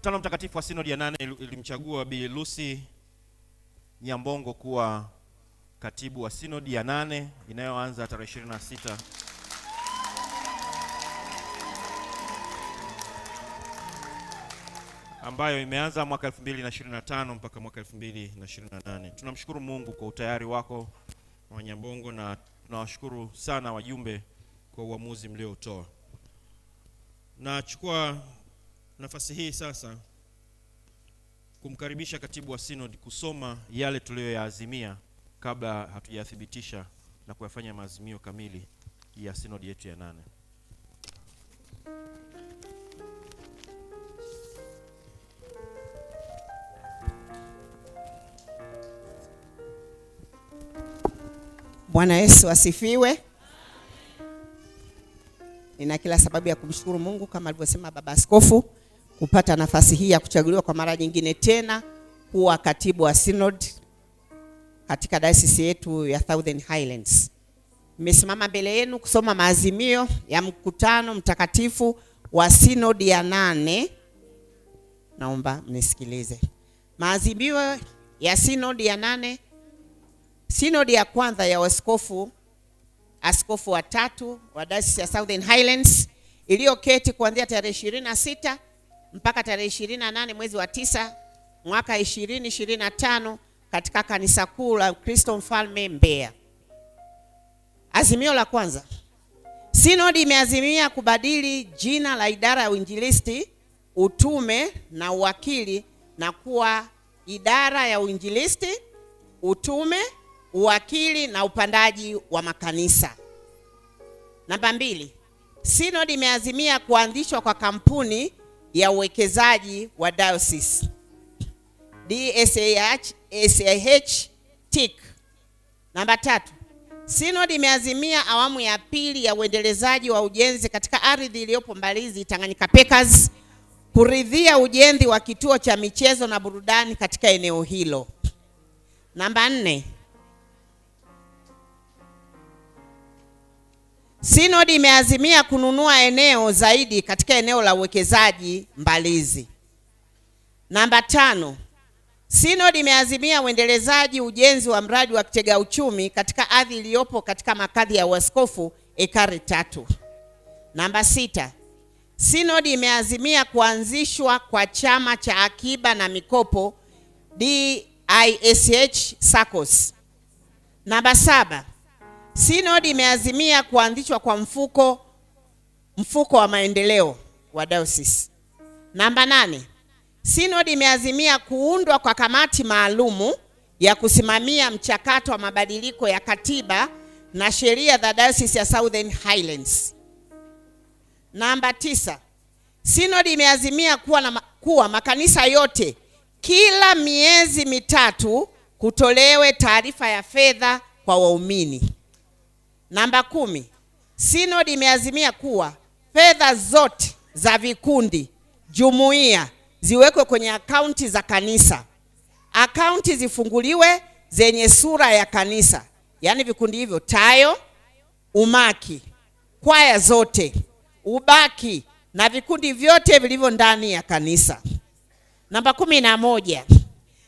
Mkutano Mtakatifu wa Sinodi ya nane ilimchagua Bi Lucy Nyambongo kuwa katibu wa Sinodi ya nane inayoanza tarehe 26 ambayo imeanza mwaka 2025 mpaka mwaka 2028. Tunamshukuru Mungu kwa utayari wako wa Nyambongo, na tunawashukuru sana wajumbe kwa uamuzi mliotoa. Nachukua nafasi hii sasa kumkaribisha katibu wa Synod kusoma yale tuliyoyaazimia kabla hatujathibitisha na kuyafanya maazimio kamili ya Synod yetu ya nane. Bwana Yesu asifiwe. Nina kila sababu ya kumshukuru Mungu kama alivyosema Baba Askofu kupata nafasi hii ya kuchaguliwa kwa mara nyingine tena kuwa katibu wa synod katika diocese yetu ya Southern Highlands. Nimesimama mbele yenu kusoma maazimio ya mkutano mtakatifu wa synod ya nane. Naomba mnisikilize. Maazimio ya synod ya nane. Synod ya kwanza ya waskofu askofu watatu wa diocese ya Southern Highlands iliyoketi kuanzia tarehe 26 mpaka tarehe 28 mwezi wa tisa mwaka 2025 katika kanisa kuu la Kristo Mfalme Mbeya. Azimio la kwanza. Sinodi imeazimia kubadili jina la idara ya uinjilisti, utume na uwakili na kuwa idara ya uinjilisti, utume, uwakili na upandaji wa makanisa. Namba mbili. Sinodi imeazimia kuanzishwa kwa kampuni ya uwekezaji wa diocese DSAH, SAH TIC. Namba tatu, Sinodi imeazimia awamu ya pili ya uendelezaji wa ujenzi katika ardhi iliyopo Mbalizi Tanganyika Packers kuridhia ujenzi wa kituo cha michezo na burudani katika eneo hilo. Namba nne, Sinodi imeazimia kununua eneo zaidi katika eneo la uwekezaji Mbalizi. Namba tano, Sinodi imeazimia uendelezaji ujenzi wa mradi wa kitega uchumi katika ardhi iliyopo katika makadhi ya uaskofu ekari tatu. Namba sita, Sinodi imeazimia kuanzishwa kwa chama cha akiba na mikopo DISH SACCOS. Namba saba Sinodi imeazimia kuanzishwa kwa mfuko mfuko wa maendeleo wa dayosisi. Namba nane, sinodi imeazimia kuundwa kwa kamati maalumu ya kusimamia mchakato wa mabadiliko ya katiba na sheria za dayosisi ya Southern Highlands. Namba tisa, sinodi imeazimia kuwa, na, kuwa makanisa yote kila miezi mitatu kutolewe taarifa ya fedha kwa waumini. Namba kumi, sinodi imeazimia kuwa fedha zote za vikundi jumuiya ziwekwe kwenye akaunti za kanisa. Akaunti zifunguliwe zenye sura ya kanisa, yaani vikundi hivyo: Tayo, Umaki, kwaya zote, Ubaki na vikundi vyote vilivyo ndani ya kanisa. Namba kumi na moja,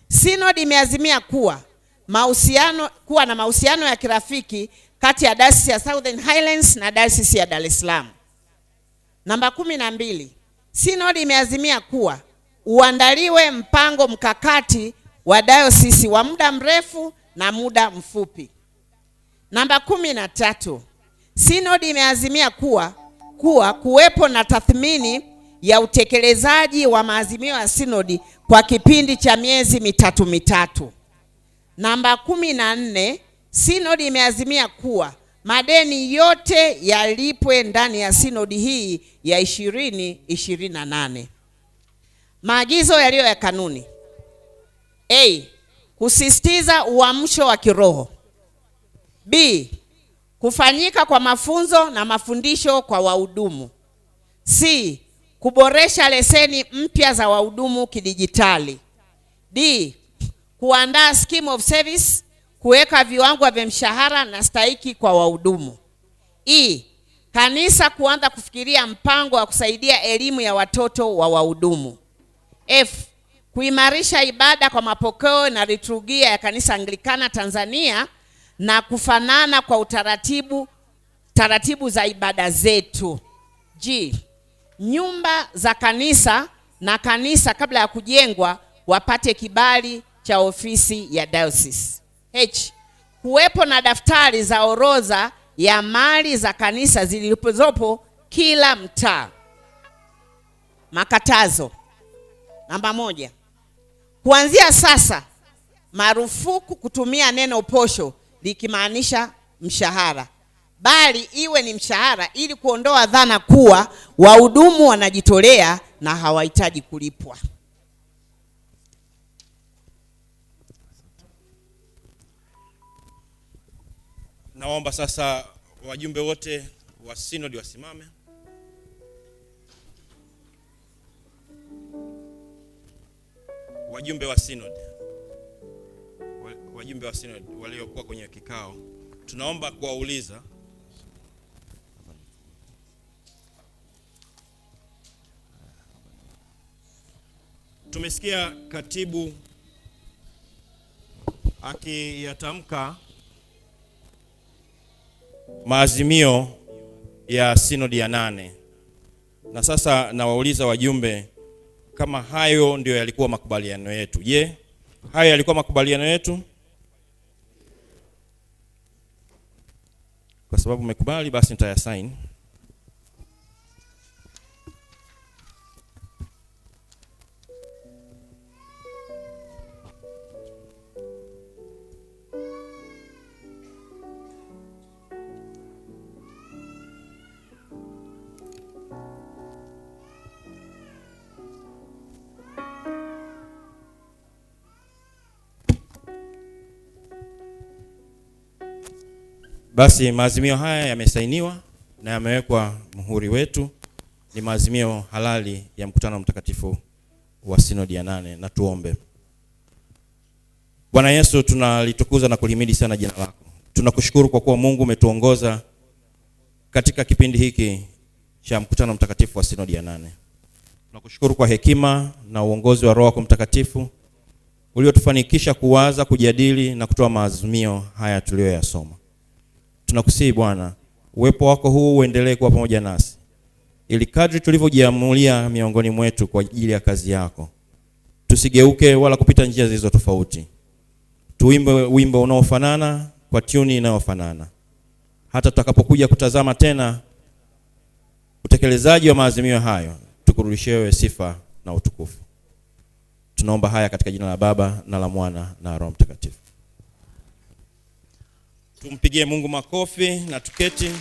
sinodi imeazimia kuwa mahusiano kuwa na mahusiano ya kirafiki kati ya Dayosisi ya Southern Highlands na Dayosisi ya Dar es Salaam. Namba kumi na mbili, sinodi imeazimia kuwa uandaliwe mpango mkakati wa dayosisi wa muda mrefu na muda mfupi. Namba kumi na tatu, sinodi imeazimia kuwa kuwa kuwepo na tathmini ya utekelezaji wa maazimio ya sinodi kwa kipindi cha miezi mitatu mitatu. Namba kumi na nne Sinodi imeazimia kuwa madeni yote yalipwe ndani ya sinodi hii ya 2028. Maagizo yaliyo ya kanuni: A. Kusisitiza uamsho wa kiroho. B. Kufanyika kwa mafunzo na mafundisho kwa wahudumu. C. Kuboresha leseni mpya za wahudumu kidijitali. D. Kuandaa scheme of service kuweka viwango vya mshahara na stahiki kwa wahudumu. E, kanisa kuanza kufikiria mpango wa kusaidia elimu ya watoto wa wahudumu. F, kuimarisha ibada kwa mapokeo na liturgia ya kanisa Anglikana Tanzania na kufanana kwa utaratibu taratibu za ibada zetu. G, nyumba za kanisa na kanisa kabla ya kujengwa wapate kibali cha ofisi ya diocese. H. Kuwepo na daftari za orodha ya mali za kanisa zilizopo kila mtaa. Makatazo. Namba moja. Kuanzia sasa marufuku kutumia neno posho likimaanisha mshahara, bali iwe ni mshahara, ili kuondoa dhana kuwa wahudumu wanajitolea na hawahitaji kulipwa. Naomba sasa wajumbe wote wa sinodi wasimame. Wajumbe wa sinodi, wajumbe wa sinodi waliokuwa kwenye kikao, tunaomba kuwauliza Tumesikia katibu akiyatamka maazimio ya sinodi ya nane. Na sasa nawauliza wajumbe kama hayo ndio yalikuwa makubaliano yetu. Je, hayo yalikuwa makubaliano yetu? Kwa sababu mmekubali, basi nitayasaini. Basi maazimio haya yamesainiwa na yamewekwa muhuri wetu. Ni maazimio halali ya mkutano mtakatifu wa sinodi ya nane. Na tuombe. Bwana Yesu, tunalitukuza na kulihimidi sana jina lako. Tunakushukuru kwa kuwa Mungu umetuongoza katika kipindi hiki cha mkutano mtakatifu wa sinodi ya nane. Tunakushukuru kwa hekima na uongozi wa Roho wako Mtakatifu uliotufanikisha kuwaza, kujadili na kutoa maazimio haya tuliyoyasoma. Tunakusihi Bwana, uwepo wako huu uendelee kuwa pamoja nasi, ili kadri tulivyojiamulia miongoni mwetu kwa ajili ya kazi yako, tusigeuke wala kupita njia zilizo tofauti. Tuimbe wimbo unaofanana kwa tuni inayofanana, hata tutakapokuja kutazama tena utekelezaji wa maazimio hayo, tukurudishie wewe sifa na utukufu. Tunaomba haya katika jina la Baba na la Mwana na Roho Mtakatifu. Tumpigie Mungu makofi na tuketi.